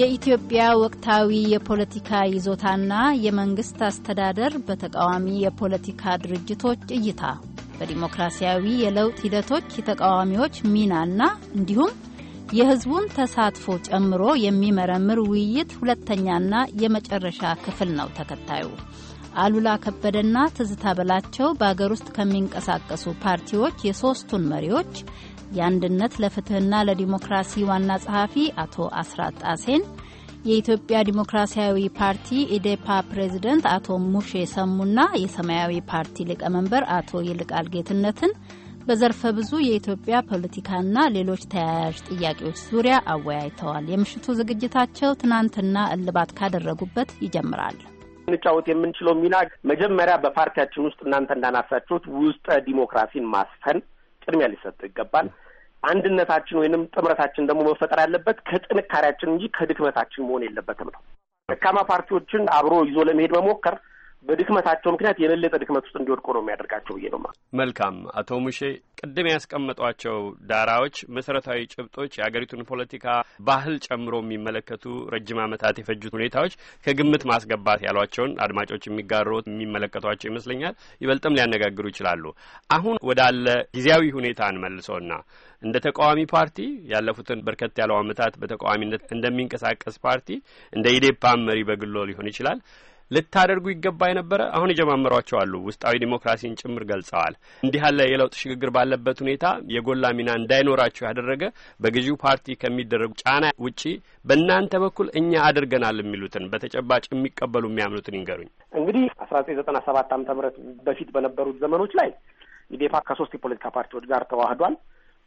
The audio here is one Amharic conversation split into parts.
የኢትዮጵያ ወቅታዊ የፖለቲካ ይዞታና የመንግስት አስተዳደር በተቃዋሚ የፖለቲካ ድርጅቶች እይታ፣ በዲሞክራሲያዊ የለውጥ ሂደቶች የተቃዋሚዎች ሚናና እንዲሁም የህዝቡን ተሳትፎ ጨምሮ የሚመረምር ውይይት ሁለተኛና የመጨረሻ ክፍል ነው ተከታዩ። አሉላ ከበደና ትዝታ በላቸው በአገር ውስጥ ከሚንቀሳቀሱ ፓርቲዎች የሶስቱን መሪዎች የአንድነት ለፍትህና ለዲሞክራሲ ዋና ጸሐፊ አቶ አስራት ጣሴን፣ የኢትዮጵያ ዲሞክራሲያዊ ፓርቲ ኢዴፓ ፕሬዝደንት አቶ ሙሼ ሰሙና የሰማያዊ ፓርቲ ሊቀመንበር አቶ ይልቃል ጌትነትን በዘርፈ ብዙ የኢትዮጵያ ፖለቲካና ሌሎች ተያያዥ ጥያቄዎች ዙሪያ አወያይተዋል። የምሽቱ ዝግጅታቸው ትናንትና እልባት ካደረጉበት ይጀምራል። እንጫወት የምንችለው ሚና መጀመሪያ በፓርቲያችን ውስጥ እናንተ እንዳናሳችሁት ውስጠ ዲሞክራሲን ማስፈን ቅድሚያ ሊሰጠው ይገባል። አንድነታችን ወይንም ጥምረታችን ደግሞ መፈጠር ያለበት ከጥንካሬያችን እንጂ ከድክመታችን መሆን የለበትም ነው። ደካማ ፓርቲዎችን አብሮ ይዞ ለመሄድ መሞከር በድክመታቸው ምክንያት የበለጠ ድክመት ውስጥ እንዲወድቁ ነው የሚያደርጋቸው ብዬ ነው። መልካም አቶ ሙሼ ቅድም ያስቀመጧቸው ዳራዎች መሰረታዊ ጭብጦች የአገሪቱን ፖለቲካ ባህል ጨምሮ የሚመለከቱ ረጅም ዓመታት የፈጁት ሁኔታዎች ከግምት ማስገባት ያሏቸውን አድማጮች የሚጋሩት የሚመለከቷቸው ይመስለኛል። ይበልጥም ሊያነጋግሩ ይችላሉ። አሁን ወዳለ ጊዜያዊ ሁኔታ እንመልሰውና እንደ ተቃዋሚ ፓርቲ ያለፉትን በርከት ያለው ዓመታት በተቃዋሚነት እንደሚንቀሳቀስ ፓርቲ እንደ ኢዴፓ መሪ በግሎ ሊሆን ይችላል ልታደርጉ ይገባ የነበረ አሁን የጀማመሯቸው አሉ። ውስጣዊ ዲሞክራሲን ጭምር ገልጸዋል። እንዲህ ያለ የለውጥ ሽግግር ባለበት ሁኔታ የጎላ ሚና እንዳይኖራቸው ያደረገ በገዢው ፓርቲ ከሚደረጉ ጫና ውጪ በእናንተ በኩል እኛ አድርገናል የሚሉትን በተጨባጭ የሚቀበሉ የሚያምኑትን ይንገሩኝ። እንግዲህ አስራ ዘጠኝ ዘጠና ሰባት ዓመተ ምህረት በፊት በነበሩት ዘመኖች ላይ ኢዴፓ ከሶስት የፖለቲካ ፓርቲዎች ጋር ተዋህዷል።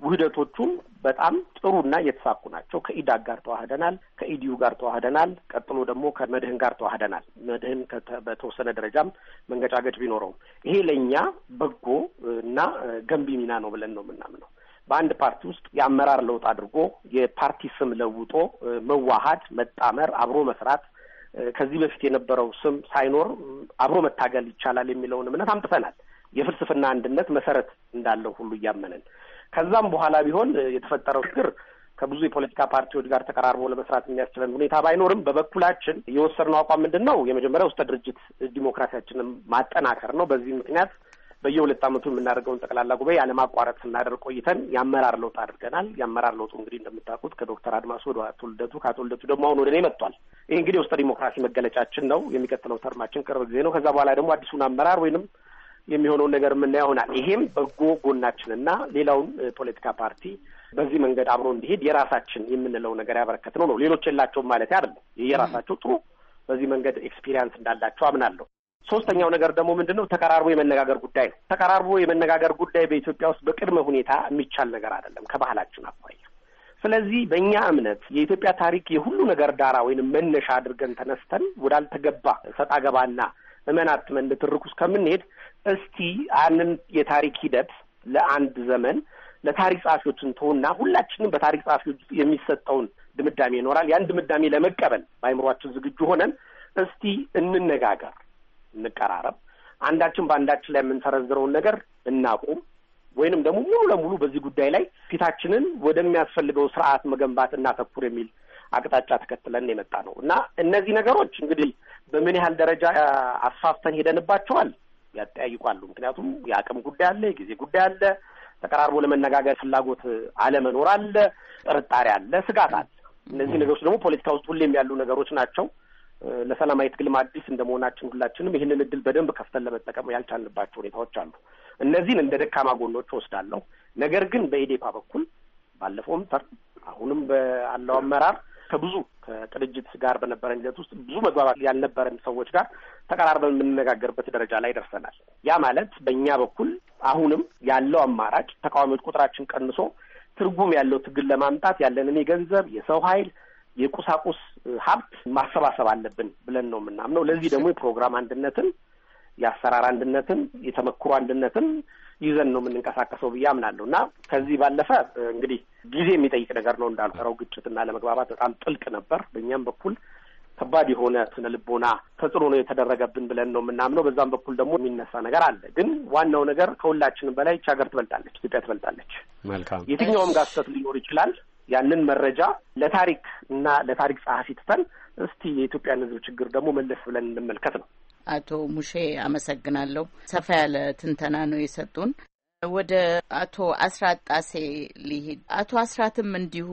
ውህደቶቹም በጣም ጥሩና እየተሳኩ ናቸው። ከኢዳግ ጋር ተዋህደናል፣ ከኢዲዩ ጋር ተዋህደናል። ቀጥሎ ደግሞ ከመድህን ጋር ተዋህደናል። መድህን በተወሰነ ደረጃም መንገጫገጭ ቢኖረውም ይሄ ለእኛ በጎ እና ገንቢ ሚና ነው ብለን ነው የምናምነው። በአንድ ፓርቲ ውስጥ የአመራር ለውጥ አድርጎ የፓርቲ ስም ለውጦ መዋሀድ፣ መጣመር፣ አብሮ መስራት ከዚህ በፊት የነበረው ስም ሳይኖር አብሮ መታገል ይቻላል የሚለውን እምነት አምጥተናል። የፍልስፍና አንድነት መሰረት እንዳለው ሁሉ እያመንን ከዛም በኋላ ቢሆን የተፈጠረው ችግር ከብዙ የፖለቲካ ፓርቲዎች ጋር ተቀራርቦ ለመስራት የሚያስችለን ሁኔታ ባይኖርም በበኩላችን የወሰድነው አቋም ምንድን ነው? የመጀመሪያ ውስጠ ድርጅት ዲሞክራሲያችንን ማጠናከር ነው። በዚህ ምክንያት በየሁለት ዓመቱ የምናደርገውን ጠቅላላ ጉባኤ ያለማቋረጥ ስናደርግ ቆይተን የአመራር ለውጥ አድርገናል። የአመራር ለውጡ እንግዲህ እንደምታውቁት ከዶክተር አድማሱ ወደ አቶ ልደቱ፣ ከአቶ ልደቱ ደግሞ አሁን ወደ እኔ መጥቷል። ይህ እንግዲህ የውስጠ ዲሞክራሲ መገለጫችን ነው። የሚቀጥለው ተርማችን ቅርብ ጊዜ ነው። ከዛ በኋላ ደግሞ አዲሱን አመራር ወይንም የሚሆነውን ነገር የምናየው ይሆናል። ይሄም በጎ ጎናችንና ሌላውን ፖለቲካ ፓርቲ በዚህ መንገድ አብሮ እንዲሄድ የራሳችን የምንለው ነገር ያበረከት ነው ነው ሌሎች የላቸውም ማለት አይደለም። የራሳቸው ጥሩ በዚህ መንገድ ኤክስፒሪያንስ እንዳላቸው አምናለሁ። ሶስተኛው ነገር ደግሞ ምንድን ነው? ተቀራርቦ የመነጋገር ጉዳይ ነው። ተቀራርቦ የመነጋገር ጉዳይ በኢትዮጵያ ውስጥ በቅድመ ሁኔታ የሚቻል ነገር አይደለም ከባህላችን አኳያ። ስለዚህ በእኛ እምነት የኢትዮጵያ ታሪክ የሁሉ ነገር ዳራ ወይንም መነሻ አድርገን ተነስተን ወዳልተገባ ሰጣ ገባና እመን አትመን ልትርኩ እስከምንሄድ እስቲ አንን የታሪክ ሂደት ለአንድ ዘመን ለታሪክ ጸሐፊዎች እንተውና ሁላችንም በታሪክ ጸሐፊዎች የሚሰጠውን ድምዳሜ ይኖራል። ያን ድምዳሜ ለመቀበል በአይምሯችን ዝግጁ ሆነን እስቲ እንነጋገር፣ እንቀራረብ፣ አንዳችን በአንዳችን ላይ የምንሰረዝረውን ነገር እናቁም፣ ወይንም ደግሞ ሙሉ ለሙሉ በዚህ ጉዳይ ላይ ፊታችንን ወደሚያስፈልገው ስርዓት መገንባት እናተኩር የሚል አቅጣጫ ተከትለን የመጣ ነው እና እነዚህ ነገሮች እንግዲህ በምን ያህል ደረጃ አስፋፍተን ሄደንባቸዋል ያጠያይቋሉ። ምክንያቱም የአቅም ጉዳይ አለ፣ የጊዜ ጉዳይ አለ፣ ተቀራርቦ ለመነጋገር ፍላጎት አለመኖር አለ፣ ጥርጣሬ አለ፣ ስጋት አለ። እነዚህ ነገሮች ደግሞ ፖለቲካ ውስጥ ሁሌም ያሉ ነገሮች ናቸው። ለሰላማዊ ትግልም አዲስ እንደመሆናችን ሁላችንም ይህንን እድል በደንብ ከፍተን ለመጠቀም ያልቻልንባቸው ሁኔታዎች አሉ። እነዚህን እንደ ደካማ ጎኖች ወስዳለሁ። ነገር ግን በኢዴፓ በኩል ባለፈውም ተር አሁንም ባለው አመራር ከብዙ ከቅንጅት ጋር በነበረን ሂደት ውስጥ ብዙ መግባባት ያልነበረን ሰዎች ጋር ተቀራርበን የምንነጋገርበት ደረጃ ላይ ደርሰናል። ያ ማለት በእኛ በኩል አሁንም ያለው አማራጭ ተቃዋሚዎች ቁጥራችን ቀንሶ ትርጉም ያለው ትግል ለማምጣት ያለንን የገንዘብ፣ የሰው ኃይል፣ የቁሳቁስ ሀብት ማሰባሰብ አለብን ብለን ነው የምናምነው። ለዚህ ደግሞ የፕሮግራም አንድነትን የአሰራር አንድነትን፣ የተመክሮ አንድነትን ይዘን ነው የምንንቀሳቀሰው ብዬ አምናለሁ እና ከዚህ ባለፈ እንግዲህ ጊዜ የሚጠይቅ ነገር ነው እንዳልከረው ግጭትና ለመግባባት በጣም ጥልቅ ነበር። በእኛም በኩል ከባድ የሆነ ስነ ልቦና ተጽዕኖ ነው የተደረገብን ብለን ነው የምናምነው። በዛም በኩል ደግሞ የሚነሳ ነገር አለ። ግን ዋናው ነገር ከሁላችንም በላይ ይህች ሀገር ትበልጣለች፣ ኢትዮጵያ ትበልጣለች። መልካም የትኛውም ጋር ስህተት ሊኖር ይችላል። ያንን መረጃ ለታሪክ እና ለታሪክ ጸሐፊ ትተን እስቲ የኢትዮጵያን ሕዝብ ችግር ደግሞ መለስ ብለን እንመልከት ነው አቶ ሙሼ አመሰግናለሁ። ሰፋ ያለ ትንተና ነው የሰጡን። ወደ አቶ አስራት ጣሴ ሊሂድ። አቶ አስራትም እንዲሁ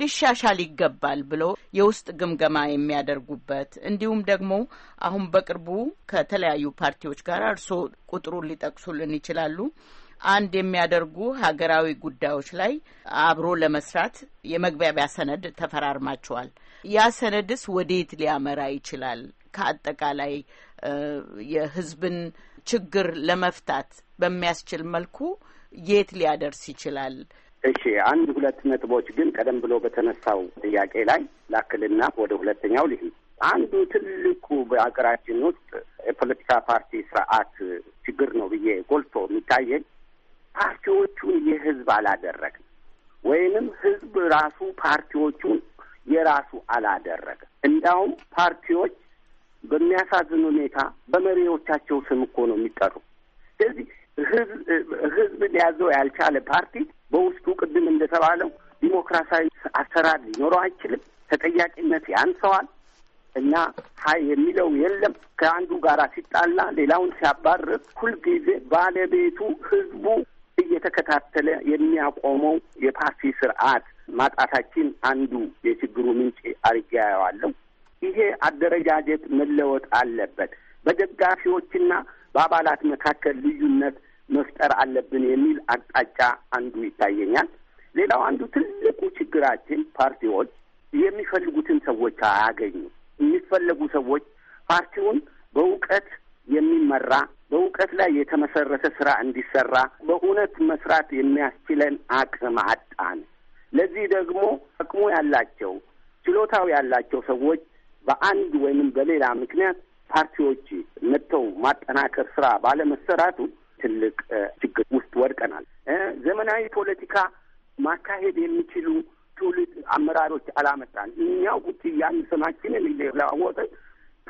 ሊሻሻል ይገባል ብለው የውስጥ ግምገማ የሚያደርጉበት እንዲሁም ደግሞ አሁን በቅርቡ ከተለያዩ ፓርቲዎች ጋር እርስዎ ቁጥሩን ሊጠቅሱልን ይችላሉ አንድ የሚያደርጉ ሀገራዊ ጉዳዮች ላይ አብሮ ለመስራት የመግባቢያ ሰነድ ተፈራርማቸዋል። ያ ሰነድስ ወዴት ሊያመራ ይችላል? ከአጠቃላይ የህዝብን ችግር ለመፍታት በሚያስችል መልኩ የት ሊያደርስ ይችላል? እሺ፣ አንድ ሁለት ነጥቦች ግን ቀደም ብሎ በተነሳው ጥያቄ ላይ ላክልና ወደ ሁለተኛው ልሂድ። አንዱ ትልቁ በሀገራችን ውስጥ የፖለቲካ ፓርቲ ስርዓት ችግር ነው ብዬ ጎልቶ የሚታየኝ ፓርቲዎቹን የህዝብ አላደረግም ወይንም ህዝብ ራሱ ፓርቲዎቹን የራሱ አላደረገ። እንዲያውም ፓርቲዎች በሚያሳዝን ሁኔታ በመሪዎቻቸው ስም እኮ ነው የሚጠሩ። ስለዚህ ህዝብ ሊያዘው ያልቻለ ፓርቲ በውስጡ ቅድም እንደተባለው ዲሞክራሲያዊ አሰራር ሊኖረው አይችልም። ተጠያቂነት ያንሰዋል እና ሀይ የሚለው የለም። ከአንዱ ጋራ ሲጣላ ሌላውን ሲያባርር፣ ሁልጊዜ ባለቤቱ ህዝቡ እየተከታተለ የሚያቆመው የፓርቲ ስርዓት ማጣታችን አንዱ የችግሩ ምንጭ አድርጌ አየዋለሁ። ይሄ አደረጃጀት መለወጥ አለበት። በደጋፊዎችና በአባላት መካከል ልዩነት መፍጠር አለብን የሚል አቅጣጫ አንዱ ይታየኛል። ሌላው አንዱ ትልቁ ችግራችን ፓርቲዎች የሚፈልጉትን ሰዎች አያገኙ የሚፈለጉ ሰዎች ፓርቲውን በእውቀት የሚመራ በእውቀት ላይ የተመሰረተ ስራ እንዲሰራ በእውነት መስራት የሚያስችለን አቅም አጣን። ለዚህ ደግሞ አቅሙ ያላቸው ችሎታው ያላቸው ሰዎች በአንድ ወይንም በሌላ ምክንያት ፓርቲዎች መጥተው ማጠናከር ስራ ባለመሰራቱ ትልቅ ችግር ውስጥ ወድቀናል። ዘመናዊ ፖለቲካ ማካሄድ የሚችሉ ትውልድ አመራሮች አላመጣን። እኛው ቁጭ እያልን ስማችንን እየለዋወጥን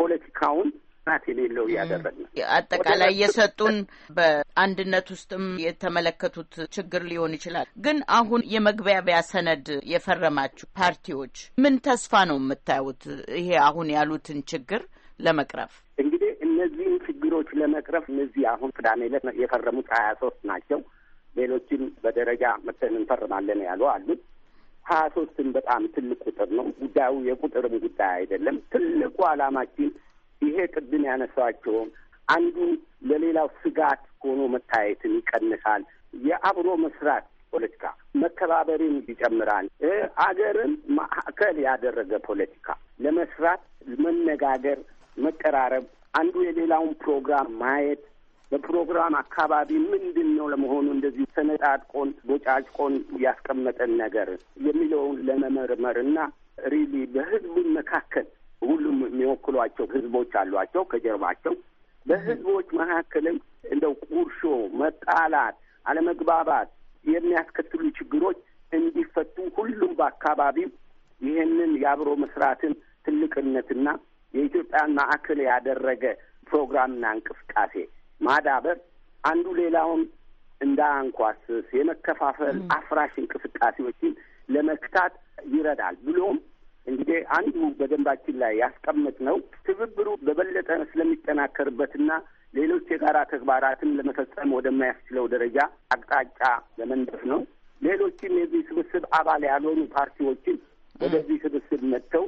ፖለቲካውን ናት የሌለው ነው። አጠቃላይ የሰጡን በአንድነት ውስጥም የተመለከቱት ችግር ሊሆን ይችላል። ግን አሁን የመግባቢያ ሰነድ የፈረማችሁ ፓርቲዎች ምን ተስፋ ነው የምታዩት? ይሄ አሁን ያሉትን ችግር ለመቅረፍ እንግዲህ እነዚህን ችግሮች ለመቅረፍ እነዚህ አሁን ቅዳሜ ዕለት የፈረሙት ሀያ ሶስት ናቸው። ሌሎችም በደረጃ መተን እንፈርማለን ያሉ አሉ። ሀያ ሶስትን በጣም ትልቅ ቁጥር ነው። ጉዳዩ የቁጥርም ጉዳይ አይደለም። ትልቁ አላማችን ይሄ ቅድም ያነሳቸውም አንዱ ለሌላው ስጋት ሆኖ መታየትን ይቀንሳል። የአብሮ መስራት ፖለቲካ መከባበርን ይጨምራል። አገርን ማዕከል ያደረገ ፖለቲካ ለመስራት መነጋገር፣ መቀራረብ፣ አንዱ የሌላውን ፕሮግራም ማየት በፕሮግራም አካባቢ ምንድን ነው ለመሆኑ እንደዚህ ሰነጣጥቆን ቦጫጭቆን ያስቀመጠን ነገር የሚለውን ለመመርመር እና ሪሊ በህዝቡ መካከል ሁሉም የሚወክሏቸው ህዝቦች አሏቸው ከጀርባቸው። በህዝቦች መካከልም እንደው ቁርሾ፣ መጣላት፣ አለመግባባት የሚያስከትሉ ችግሮች እንዲፈቱ ሁሉም በአካባቢው ይህንን የአብሮ መስራትን ትልቅነትና የኢትዮጵያን ማዕከል ያደረገ ፕሮግራምና እንቅስቃሴ ማዳበር አንዱ ሌላውን እንዳያንኳስስ የመከፋፈል አፍራሽ እንቅስቃሴዎችን ለመክታት ይረዳል ብሎም እንግዲህ አንዱ በደንባችን ላይ ያስቀምጥ ነው ትብብሩ በበለጠ ስለሚጠናከርበትና ሌሎች የጋራ ተግባራትን ለመፈጸም ወደማያስችለው ደረጃ አቅጣጫ ለመንደፍ ነው። ሌሎችም የዚህ ስብስብ አባል ያልሆኑ ፓርቲዎችን ወደዚህ ስብስብ መጥተው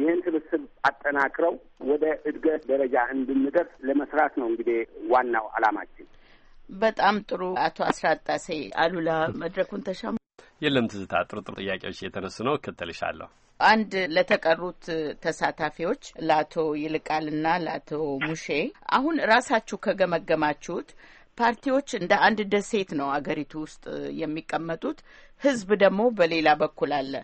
ይህን ስብስብ አጠናክረው ወደ እድገት ደረጃ እንድንደርስ ለመስራት ነው እንግዲህ ዋናው አላማችን። በጣም ጥሩ አቶ አስራጣሴ አሉላ መድረኩን ተሻሙ። የለም ትዝታ ጥሩ ጥሩ ጥያቄዎች እየተነሱ ነው። እከተልሻለሁ። አንድ ለተቀሩት ተሳታፊዎች ለአቶ ይልቃልና ለአቶ ሙሼ አሁን ራሳችሁ ከገመገማችሁት ፓርቲዎች እንደ አንድ ደሴት ነው አገሪቱ ውስጥ የሚቀመጡት። ህዝብ ደግሞ በሌላ በኩል አለ።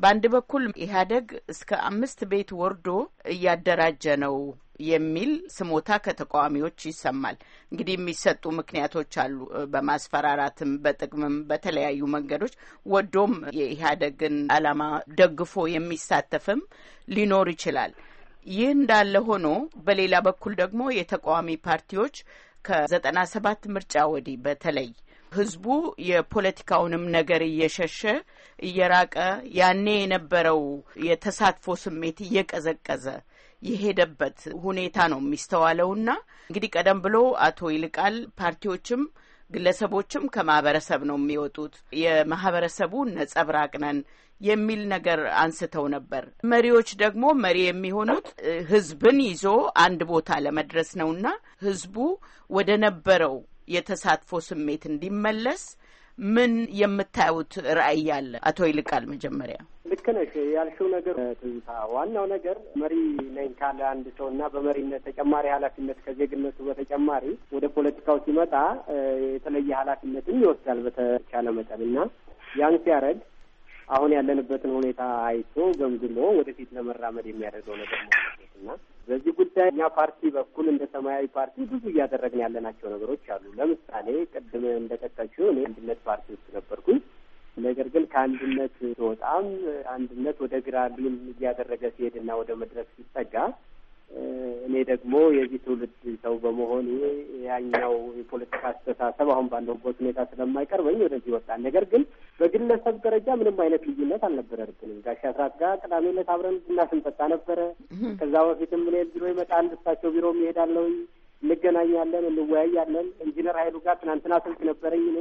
በአንድ በኩል ኢህአደግ እስከ አምስት ቤት ወርዶ እያደራጀ ነው የሚል ስሞታ ከተቃዋሚዎች ይሰማል። እንግዲህ የሚሰጡ ምክንያቶች አሉ። በማስፈራራትም፣ በጥቅምም፣ በተለያዩ መንገዶች ወዶም የኢህአደግን ዓላማ ደግፎ የሚሳተፍም ሊኖር ይችላል። ይህ እንዳለ ሆኖ በሌላ በኩል ደግሞ የተቃዋሚ ፓርቲዎች ከዘጠና ሰባት ምርጫ ወዲህ በተለይ ህዝቡ የፖለቲካውንም ነገር እየሸሸ እየራቀ ያኔ የነበረው የተሳትፎ ስሜት እየቀዘቀዘ የሄደበት ሁኔታ ነው የሚስተዋለውና እንግዲህ ቀደም ብሎ አቶ ይልቃል ፓርቲዎችም ግለሰቦችም ከማህበረሰብ ነው የሚወጡት የማህበረሰቡ ነጸብራቅ ነን የሚል ነገር አንስተው ነበር። መሪዎች ደግሞ መሪ የሚሆኑት ህዝብን ይዞ አንድ ቦታ ለመድረስ ነውና ህዝቡ ወደ ነበረው የተሳትፎ ስሜት እንዲመለስ ምን የምታዩት ራዕይ ያለ? አቶ ይልቃል መጀመሪያ ልክ ነሽ ያልሽው ነገር ትዝታ፣ ዋናው ነገር መሪ ነኝ ካለ አንድ ሰው እና በመሪነት ተጨማሪ ኃላፊነት ከዜግነቱ በተጨማሪ ወደ ፖለቲካው ሲመጣ የተለየ ኃላፊነትም ይወስዳል በተቻለ መጠን እና ያን ሲያደርግ አሁን ያለንበትን ሁኔታ አይቶ ገምግሞ ወደፊት ለመራመድ የሚያደርገው ነገር ነው እና በዚህ ጉዳይ እኛ ፓርቲ በኩል እንደ ሰማያዊ ፓርቲ ብዙ እያደረግን ያለናቸው ነገሮች አሉ። ለምሳሌ ቅድም እንደጠቀችው እኔ አንድነት ፓርቲ ውስጥ ነበርኩኝ። ነገር ግን ከአንድነት ወጣም አንድነት ወደ ግራ ሊም እያደረገ ሲሄድና ወደ መድረክ ሲጠጋ እኔ ደግሞ የዚህ ትውልድ ሰው በመሆን ያኛው የፖለቲካ አስተሳሰብ አሁን ባለሁበት ሁኔታ ስለማይቀርበኝ ወደዚህ ወጣን። ነገር ግን በግለሰብ ደረጃ ምንም አይነት ልዩነት አልነበረብንም። ጋሽ አስራት ጋር ቅዳሜ ዕለት አብረን ቡና ስንጠጣ ነበረ። ከዛ በፊትም እኔ ቢሮ ይመጣል፣ እሳቸው ቢሮ ይሄዳለሁ፣ እንገናኛለን፣ እንወያያለን። ኢንጂነር ሀይሉ ጋር ትናንትና ስልክ ነበረኝ እኔ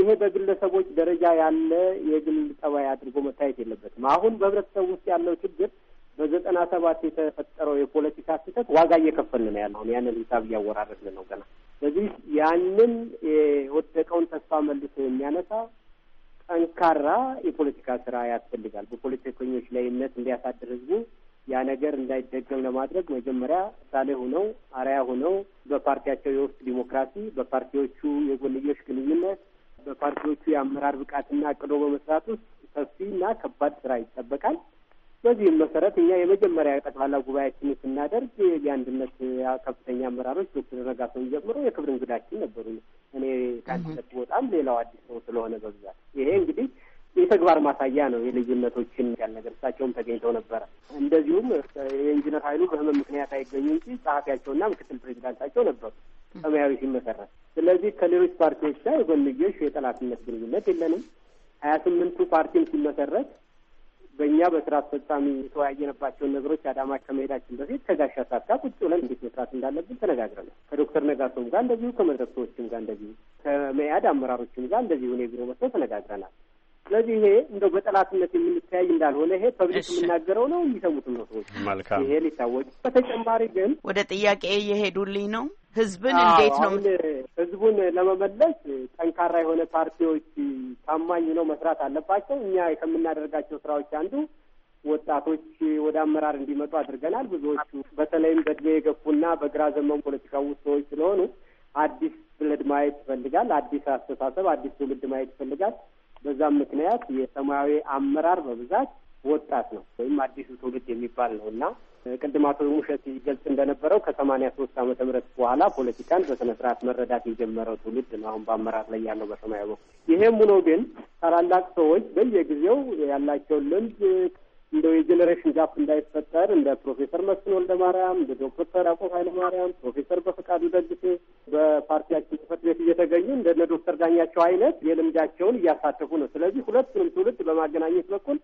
ይሄ በግለሰቦች ደረጃ ያለ የግል ጠባይ አድርጎ መታየት የለበትም። አሁን በህብረተሰብ ውስጥ ያለው ችግር በዘጠና ሰባት የተፈጠረው የፖለቲካ ስህተት ዋጋ እየከፈልን ነው ያለውን ያንን ሂሳብ እያወራረድን ነው ገና። ስለዚህ ያንን የወደቀውን ተስፋ መልሶ የሚያነሳ ጠንካራ የፖለቲካ ስራ ያስፈልጋል። በፖለቲከኞች ላይ እምነት እንዲያሳድር ህዝቡ ያ ነገር እንዳይደገም ለማድረግ መጀመሪያ ምሳሌ ሆነው አርአያ ሆነው በፓርቲያቸው የውስጥ ዲሞክራሲ፣ በፓርቲዎቹ የጎንዮሽ ግንኙነት፣ በፓርቲዎቹ የአመራር ብቃትና ቅዶ በመስራት ውስጥ ሰፊና ከባድ ስራ ይጠበቃል። በዚህም መሰረት እኛ የመጀመሪያ ጠቅላላ ጉባኤያችን ስናደርግ የአንድነት ከፍተኛ አመራሮች ዶክተር ነጋሶን ጀምሮ የክብር እንግዳችን ነበሩ። እኔ ከአንድነት ቦጣም ሌላው አዲስ ሰው ስለሆነ በብዛት ይሄ እንግዲህ የተግባር ማሳያ ነው። የልዩነቶችን ያል ነገር እሳቸውም ተገኝተው ነበረ። እንደዚሁም የኢንጂነር ኃይሉ በህመም ምክንያት አይገኙ እንጂ ጸሐፊያቸውና ምክትል ፕሬዚዳንታቸው ነበሩ ሰማያዊ ሲመሰረት። ስለዚህ ከሌሎች ፓርቲዎች ጋር የጎንዮሽ የጠላትነት ግንኙነት የለንም። ሀያ ስምንቱ ፓርቲም ሲመሰረት በእኛ በስራ አስፈጻሚ የተወያየንባቸውን ነገሮች አዳማ ከመሄዳችን በፊት ከጋሽ አሳካ ቁጭ ብለን እንዴት መስራት እንዳለብን ተነጋግረናል። ከዶክተር ነጋሶም ጋር እንደዚሁ፣ ከመድረክ ሰዎችም ጋር እንደዚሁ፣ ከመያድ አመራሮችም ጋር እንደዚሁ እኔ ቢሮ መጥተው ተነጋግረናል። ስለዚህ ይሄ እንደው በጠላትነት የምንተያይ እንዳልሆነ ይሄ ፐብሊክ የምናገረው ነው፣ የሚሰሙትም ነው ሰዎች። መልካም ይሄ ሊታወቅ። በተጨማሪ ግን ወደ ጥያቄ እየሄዱልኝ ነው። ህዝብን እንዴት ነው ህዝቡን ለመመለስ ጠንካራ የሆነ ፓርቲዎች ታማኝ ነው መስራት አለባቸው። እኛ ከምናደርጋቸው ስራዎች አንዱ ወጣቶች ወደ አመራር እንዲመጡ አድርገናል። ብዙዎቹ በተለይም በእድሜ የገፉና በግራ ዘመን ፖለቲካ ውስጥ ሰዎች ስለሆኑ አዲስ ብለድ ማየት ይፈልጋል። አዲስ አስተሳሰብ፣ አዲስ ትውልድ ማየት ይፈልጋል። በዛም ምክንያት የሰማያዊ አመራር በብዛት ወጣት ነው ወይም አዲሱ ትውልድ የሚባል ነው እና ቅድም አቶ ሙሸት ይገልጽ እንደነበረው ከሰማኒያ ሶስት አመተ ምህረት በኋላ ፖለቲካን በስነ ስርዓት መረዳት የጀመረው ትውልድ ነው አሁን በአመራር ላይ ያለው በሰማያዊ በኩል። ይሄም ሆኖ ግን ታላላቅ ሰዎች በየጊዜው ያላቸውን ልምድ እንደው የጀኔሬሽን ጃፕ እንዳይፈጠር እንደ ፕሮፌሰር መስፍን ወልደ ማርያም፣ እንደ ዶክተር ያዕቆብ ኃይለ ማርያም፣ ፕሮፌሰር በፈቃዱ ደግፌ በፓርቲያችን ጽሕፈት ቤት እየተገኙ እንደነ ዶክተር ዳኛቸው አይነት የልምዳቸውን እያሳተፉ ነው። ስለዚህ ሁለቱንም ትውልድ በማገናኘት በኩል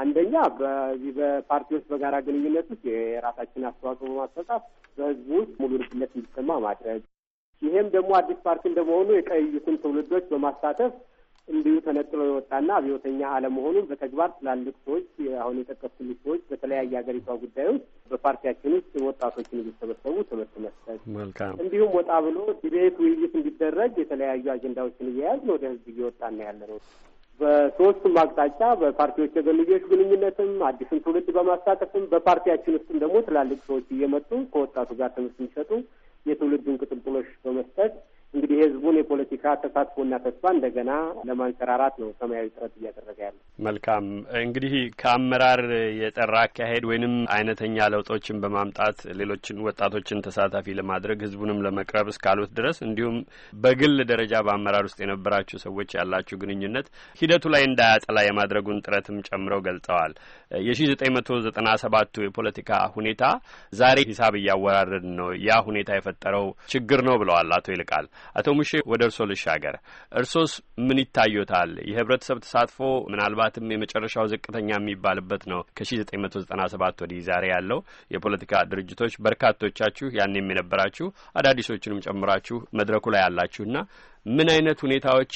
አንደኛ በዚህ በፓርቲዎች በጋራ ግንኙነት ውስጥ የራሳችን አስተዋጽኦ በማስፈጣት በህዝቡ ውስጥ ሙሉ ልትነት እንዲሰማ ማድረግ ይሄም ደግሞ አዲስ ፓርቲ እንደመሆኑ የቀዩትን ትውልዶች በማሳተፍ እንዲሁ ተነጥሎ የወጣና አብዮተኛ አለመሆኑን በተግባር ትላልቅ ሰዎች አሁን የጠቀስኩልህ ሰዎች በተለያየ ሀገሪቷ ጉዳዮች በፓርቲያችን ውስጥ ወጣቶችን እየተሰበሰቡ ትምህርት መስጠት፣ መልካም እንዲሁም ወጣ ብሎ ዲቤት ውይይት እንዲደረግ የተለያዩ አጀንዳዎችን እየያዝን ወደ ህዝብ እየወጣና ያለ ነው። በሶስቱም አቅጣጫ በፓርቲዎች የገለልጆች ግንኙነትም አዲስን ትውልድ በማሳተፍም በፓርቲያችን ውስጥም ደግሞ ትላልቅ ሰዎች እየመጡ ከወጣቱ ጋር ትምህርት እንዲሰጡ የትውልዱን ቅጥልጥሎች በመስጠት እንግዲህ የህዝቡን የፖለቲካ ተሳትፎና ተስፋ እንደገና ለማንሰራራት ነው ሰማያዊ ጥረት እያደረገ ያለ። መልካም እንግዲህ ከአመራር የጠራ አካሄድ ወይንም አይነተኛ ለውጦችን በማምጣት ሌሎችን ወጣቶችን ተሳታፊ ለማድረግ ህዝቡንም ለመቅረብ እስካሉት ድረስ እንዲሁም በግል ደረጃ በአመራር ውስጥ የነበራችሁ ሰዎች ያላችሁ ግንኙነት ሂደቱ ላይ እንዳያጠላ የማድረጉን ጥረትም ጨምረው ገልጸዋል። የሺ ዘጠኝ መቶ ዘጠና ሰባቱ የፖለቲካ ሁኔታ ዛሬ ሂሳብ እያወራረድ ነው ያ ሁኔታ የፈጠረው ችግር ነው ብለዋል አቶ ይልቃል። አቶ ሙሼ ወደ እርሶ ልሻገር። እርሶስ ምን ይታዩታል? የህብረተሰብ ተሳትፎ ምናልባትም የመጨረሻው ዝቅተኛ የሚባልበት ነው ከ1997 ወዲህ ዛሬ ያለው የፖለቲካ ድርጅቶች በርካቶቻችሁ ያኔም የነበራችሁ አዳዲሶችንም ጨምራችሁ መድረኩ ላይ ያላችሁና ምን አይነት ሁኔታዎች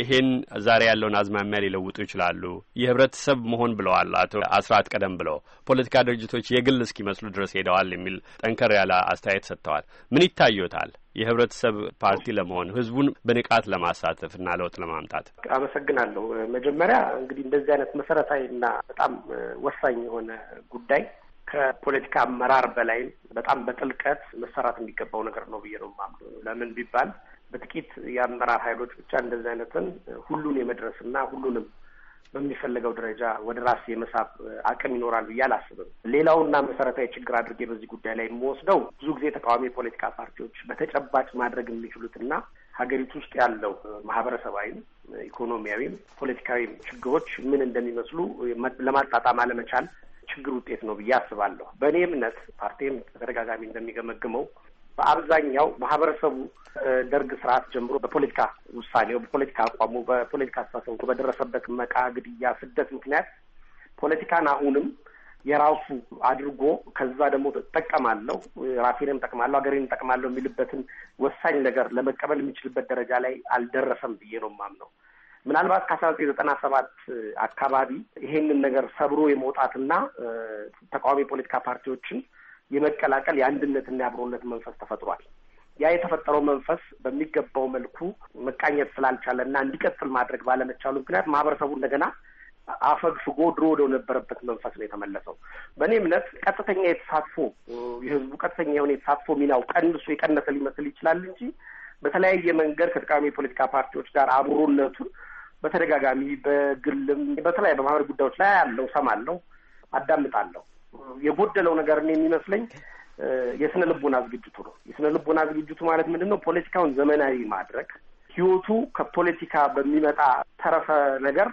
ይሄን ዛሬ ያለውን አዝማሚያ ሊለውጡ ይችላሉ። የህብረተሰብ መሆን ብለዋል አቶ አስራት ቀደም ብለው ፖለቲካ ድርጅቶች የግል እስኪመስሉ ድረስ ሄደዋል የሚል ጠንከር ያለ አስተያየት ሰጥተዋል። ምን ይታዩታል? የህብረተሰብ ፓርቲ ለመሆን ህዝቡን በንቃት ለማሳተፍ እና ለውጥ ለማምጣት። አመሰግናለሁ። መጀመሪያ እንግዲህ እንደዚህ አይነት መሰረታዊ እና በጣም ወሳኝ የሆነ ጉዳይ ከፖለቲካ አመራር በላይም በጣም በጥልቀት መሰራት የሚገባው ነገር ነው ብዬ ነው የማምነው። ለምን ቢባል በጥቂት የአመራር ኃይሎች ብቻ እንደዚህ አይነትን ሁሉን የመድረስና ሁሉንም በሚፈለገው ደረጃ ወደ ራስ የመሳብ አቅም ይኖራል ብዬ አላስብም። ሌላውና መሰረታዊ ችግር አድርጌ በዚህ ጉዳይ ላይ የምወስደው ብዙ ጊዜ ተቃዋሚ የፖለቲካ ፓርቲዎች በተጨባጭ ማድረግ የሚችሉትና ሀገሪቱ ውስጥ ያለው ማህበረሰባዊም፣ ኢኮኖሚያዊም፣ ፖለቲካዊም ችግሮች ምን እንደሚመስሉ ለማጣጣም አለመቻል ችግር ውጤት ነው ብዬ አስባለሁ። በእኔ እምነት ፓርቲም በተደጋጋሚ እንደሚገመግመው በአብዛኛው ማህበረሰቡ ደርግ ስርዓት ጀምሮ በፖለቲካ ውሳኔው፣ በፖለቲካ አቋሙ፣ በፖለቲካ አስተሳሰቡ በደረሰበት መቃ፣ ግድያ፣ ስደት ምክንያት ፖለቲካን አሁንም የራሱ አድርጎ ከዛ ደግሞ ጠቀማለሁ ራሴንም ጠቅማለሁ ሀገሬን ጠቅማለሁ የሚልበትን ወሳኝ ነገር ለመቀበል የሚችልበት ደረጃ ላይ አልደረሰም ብዬ ነው የማምነው። ምናልባት ከአስራ ዘጠኝ ዘጠና ሰባት አካባቢ ይሄንን ነገር ሰብሮ የመውጣትና ተቃዋሚ የፖለቲካ ፓርቲዎችን የመቀላቀል የአንድነትና የአብሮነት መንፈስ ተፈጥሯል። ያ የተፈጠረው መንፈስ በሚገባው መልኩ መቃኘት ስላልቻለ እና እንዲቀጥል ማድረግ ባለመቻሉ ምክንያት ማህበረሰቡ እንደገና አፈግፍጎ ድሮ ወደ ነበረበት መንፈስ ነው የተመለሰው። በእኔ እምነት ቀጥተኛ የተሳትፎ የህዝቡ ቀጥተኛ የሆነ የተሳትፎ ሚናው ቀንሶ የቀነሰ ሊመስል ይችላል እንጂ በተለያየ መንገድ ከተቃዋሚ የፖለቲካ ፓርቲዎች ጋር አብሮነቱን በተደጋጋሚ በግልም በተለያዩ በማህበር ጉዳዮች ላይ ያለው ሰማለሁ፣ አዳምጣለሁ። የጎደለው ነገር እኔ የሚመስለኝ የስነ ልቦና ዝግጅቱ ነው። የስነ ልቦና ዝግጅቱ ማለት ምንድን ነው? ፖለቲካውን ዘመናዊ ማድረግ ህይወቱ ከፖለቲካ በሚመጣ ተረፈ ነገር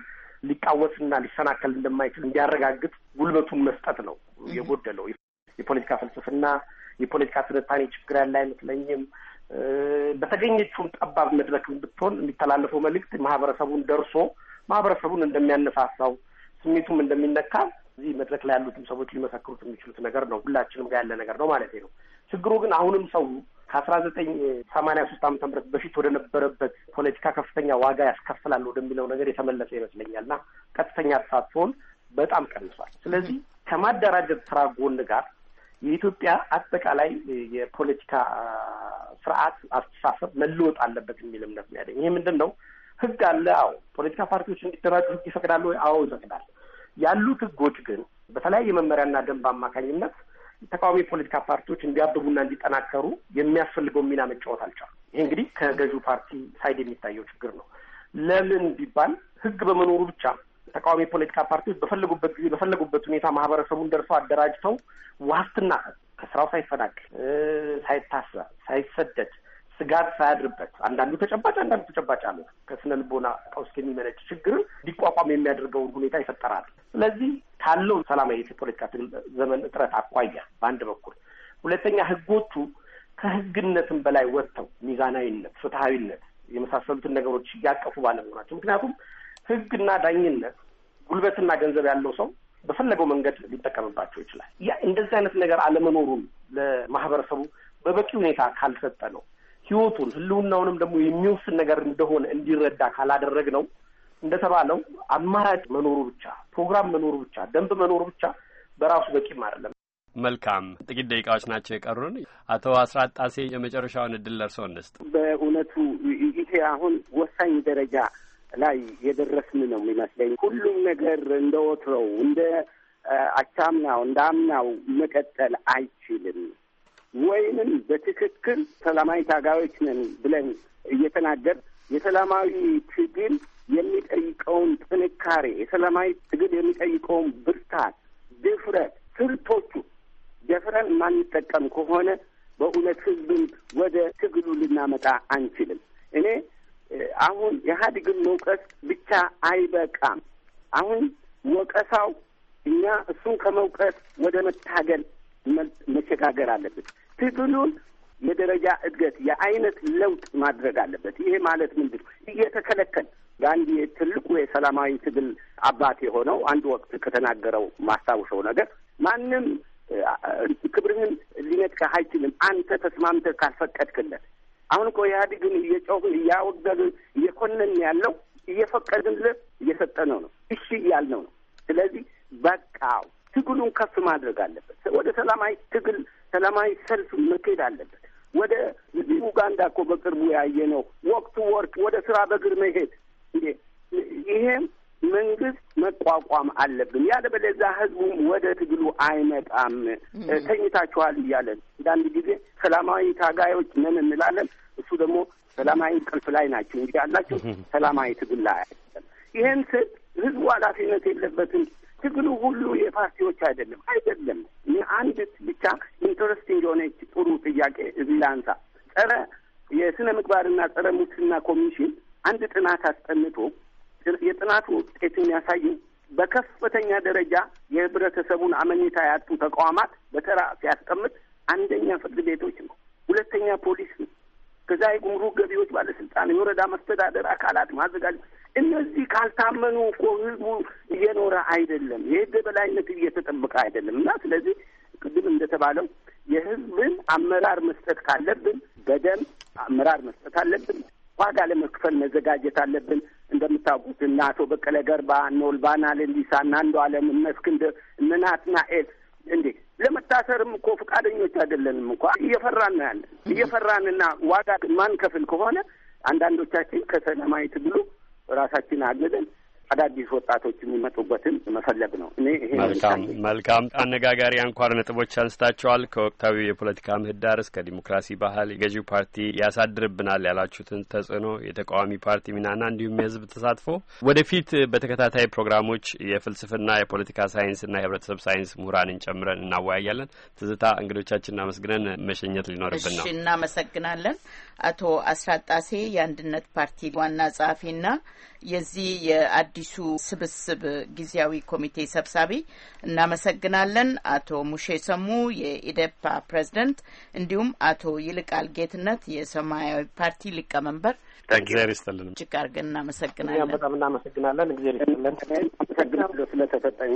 ሊቃወስና ሊሰናከል እንደማይችል እንዲያረጋግጥ ጉልበቱን መስጠት ነው የጎደለው። የፖለቲካ ፍልስፍና፣ የፖለቲካ ትንታኔ ችግር ያለ አይመስለኝም። በተገኘችውም ጠባብ መድረክ ብትሆን የሚተላለፈው መልእክት ማህበረሰቡን ደርሶ ማህበረሰቡን እንደሚያነሳሳው ስሜቱም እንደሚነካ እዚህ መድረክ ላይ ያሉትም ሰዎች ሊመሰክሩት የሚችሉት ነገር ነው። ሁላችንም ጋር ያለ ነገር ነው ማለት ነው። ችግሩ ግን አሁንም ሰው ከአስራ ዘጠኝ ሰማኒያ ሶስት አመተ ምህረት በፊት ወደ ነበረበት ፖለቲካ ከፍተኛ ዋጋ ያስከፍላል ወደሚለው ነገር የተመለሰ ይመስለኛል እና ቀጥተኛ ተሳትፎን በጣም ቀንሷል። ስለዚህ ከማደራጀት ስራ ጎን ጋር የኢትዮጵያ አጠቃላይ የፖለቲካ ስርዓት አስተሳሰብ መለወጥ አለበት የሚል እምነት ነው ያለኝ። ይህ ምንድን ነው? ህግ አለ። አዎ ፖለቲካ ፓርቲዎች እንዲደራጁ ህግ ይፈቅዳል ወይ? አዎ ይፈቅዳል። ያሉት ህጎች ግን በተለያየ መመሪያና ደንብ አማካኝነት ተቃዋሚ የፖለቲካ ፓርቲዎች እንዲያብቡና እንዲጠናከሩ የሚያስፈልገው ሚና መጫወት አልቻሉ። ይሄ እንግዲህ ከገዢው ፓርቲ ሳይድ የሚታየው ችግር ነው። ለምን ቢባል ህግ በመኖሩ ብቻ ተቃዋሚ የፖለቲካ ፓርቲዎች በፈለጉበት ጊዜ በፈለጉበት ሁኔታ ማህበረሰቡን ደርሰው አደራጅተው ዋስትና ከስራው ሳይፈናቅል፣ ሳይታሰር፣ ሳይሰደድ ስጋት ሳያድርበት አንዳንዱ ተጨባጭ አንዳንዱ ተጨባጭ አለ ከስነ ልቦና ቀውስ የሚመነጭ ችግርን ሊቋቋም የሚያደርገውን ሁኔታ ይፈጠራል። ስለዚህ ካለው ሰላማዊ የፖለቲካ ትግል ዘመን እጥረት አኳያ በአንድ በኩል፣ ሁለተኛ ህጎቹ ከህግነትም በላይ ወጥተው ሚዛናዊነት፣ ፍትሀዊነት የመሳሰሉትን ነገሮች እያቀፉ ባለመሆናቸው ምክንያቱም ህግና ዳኝነት ጉልበትና ገንዘብ ያለው ሰው በፈለገው መንገድ ሊጠቀምባቸው ይችላል። ያ እንደዚህ አይነት ነገር አለመኖሩን ለማህበረሰቡ በበቂ ሁኔታ ካልሰጠ ነው ህይወቱን ህልውናውንም ደግሞ የሚወስን ነገር እንደሆነ እንዲረዳ ካላደረግ ነው እንደተባለው አማራጭ መኖሩ ብቻ ፕሮግራም መኖሩ ብቻ ደንብ መኖሩ ብቻ በራሱ በቂም አይደለም። መልካም ጥቂት ደቂቃዎች ናቸው የቀሩን። አቶ አስራት ጣሴ የመጨረሻውን እድል ለርሶ እንስጥ። በእውነቱ ይሄ አሁን ወሳኝ ደረጃ ላይ የደረስን ነው የሚመስለኝ። ሁሉም ነገር እንደ ወትሮው እንደ አቻምናው እንደ አምናው መቀጠል አይችልም። ወይንም በትክክል ሰላማዊ ታጋዮች ነን ብለን እየተናገር የሰላማዊ ትግል የሚጠይቀውን ጥንካሬ የሰላማዊ ትግል የሚጠይቀውን ብርታት፣ ድፍረት፣ ስልቶቹ ደፍረን የማንጠቀም ከሆነ በእውነት ህዝብን ወደ ትግሉ ልናመጣ አንችልም። እኔ አሁን ኢህአዴግን መውቀስ ብቻ አይበቃም። አሁን ወቀሳው እኛ እሱን ከመውቀስ ወደ መታገል መሸጋገር አለበት። ትግሉን የደረጃ እድገት የአይነት ለውጥ ማድረግ አለበት። ይሄ ማለት ምንድን ነው? እየተከለከል በአንድ ትልቁ የሰላማዊ ትግል አባት የሆነው አንድ ወቅት ከተናገረው ማስታውሰው ነገር ማንም ክብርህን ሊነጥቅህ አይችልም፣ አንተ ተስማምተህ ካልፈቀድክለት። አሁን እኮ ኢህአዴግን እየጮህን እያወገዝን እየኮነን ያለው እየፈቀድንለት እየሰጠነው ነው፣ እሺ እያልነው ነው። ስለዚህ በቃው ትግሉን ከፍ ማድረግ አለበት። ወደ ሰላማዊ ትግል ሰላማዊ ሰልፍ መካሄድ አለበት። ወደ ኡጋንዳ እኮ በቅርቡ ያየ ያየነው ወቅቱ ወርክ ወደ ስራ በእግር መሄድ ይሄም መንግስት መቋቋም አለብን። ያለበለዚያ ህዝቡም ወደ ትግሉ አይመጣም። ተኝታችኋል እያለን አንዳንድ ጊዜ ሰላማዊ ታጋዮች ነን እንላለን። እሱ ደግሞ ሰላማዊ እንቅልፍ ላይ ናቸው እንጂ ያላቸው ሰላማዊ ትግል ላይ ይህን ስል ህዝቡ ኃላፊነት የለበትም። ትግሉ ሁሉ የፓርቲዎች አይደለም አይደለም። አንድ ብቻ ኢንተረስቲንግ የሆነች ጥሩ ጥያቄ እዚህ ላንሳ። ጸረ የስነ ምግባርና ጸረ ሙስና ኮሚሽን አንድ ጥናት አስጠንቶ የጥናቱ ውጤት የሚያሳየው በከፍተኛ ደረጃ የህብረተሰቡን አመኔታ ያጡ ተቋማት በተራ ሲያስቀምጥ አንደኛ ፍርድ ቤቶች ነው፣ ሁለተኛ ፖሊስ ነው፣ ከዛ የጉምሩክ ገቢዎች ባለስልጣን፣ የወረዳ መስተዳደር አካላት ማዘጋጀት እነዚህ ካልታመኑ እኮ ህዝቡ እየኖረ አይደለም። የህግ በላይነት እየተጠበቀ አይደለም። እና ስለዚህ ቅድም እንደተባለው የህዝብን አመራር መስጠት ካለብን በደንብ አመራር መስጠት አለብን። ዋጋ ለመክፈል መዘጋጀት አለብን። እንደምታውቁት እነ አቶ በቀለ ገርባ፣ እነ ኦልባና ሌሊሳ፣ እነ አንዱ አለም፣ እነ እስክንድር፣ እነ ናትናኤል እንዴ ለመታሰርም እኮ ፈቃደኞች አይደለንም እኳ እየፈራን ያለን እየፈራንና ዋጋ ማንከፍል ከሆነ አንዳንዶቻችን ከሰላማዊ ትግሉ ራሳችን አግዘን አዳዲስ ወጣቶች የሚመጡበትን መፈለግ ነው። እኔ ይሄ መልካም መልካም አነጋጋሪ አንኳር ነጥቦች አንስታቸዋል። ከወቅታዊ የፖለቲካ ምህዳር እስከ ዲሞክራሲ ባህል የገዢው ፓርቲ ያሳድርብናል ያላችሁትን ተጽዕኖ፣ የተቃዋሚ ፓርቲ ሚናና እንዲሁም የህዝብ ተሳትፎ ወደፊት በተከታታይ ፕሮግራሞች የፍልስፍና የፖለቲካ ሳይንስና የህብረተሰብ ሳይንስ ምሁራንን ጨምረን እናወያያለን። ትዝታ እንግዶቻችን እናመስግነን መሸኘት ሊኖርብን ነው። እናመሰግናለን። አቶ አስራጣሴ የአንድነት ፓርቲ ዋና ጸሐፊና የዚህ የአዲሱ ስብስብ ጊዜያዊ ኮሚቴ ሰብሳቢ እናመሰግናለን። አቶ ሙሼ ሰሙ የኢዴፓ ፕሬዝደንት፣ እንዲሁም አቶ ይልቃል ጌትነት የሰማያዊ ፓርቲ ሊቀመንበር እግዚአብሔር ይስጥልን። እጅግ አድርገን እናመሰግናለን። በጣም እናመሰግናለን። እግዚአብሔር ይስጥልን። አመሰግናለሁ ስለተሰጠኝ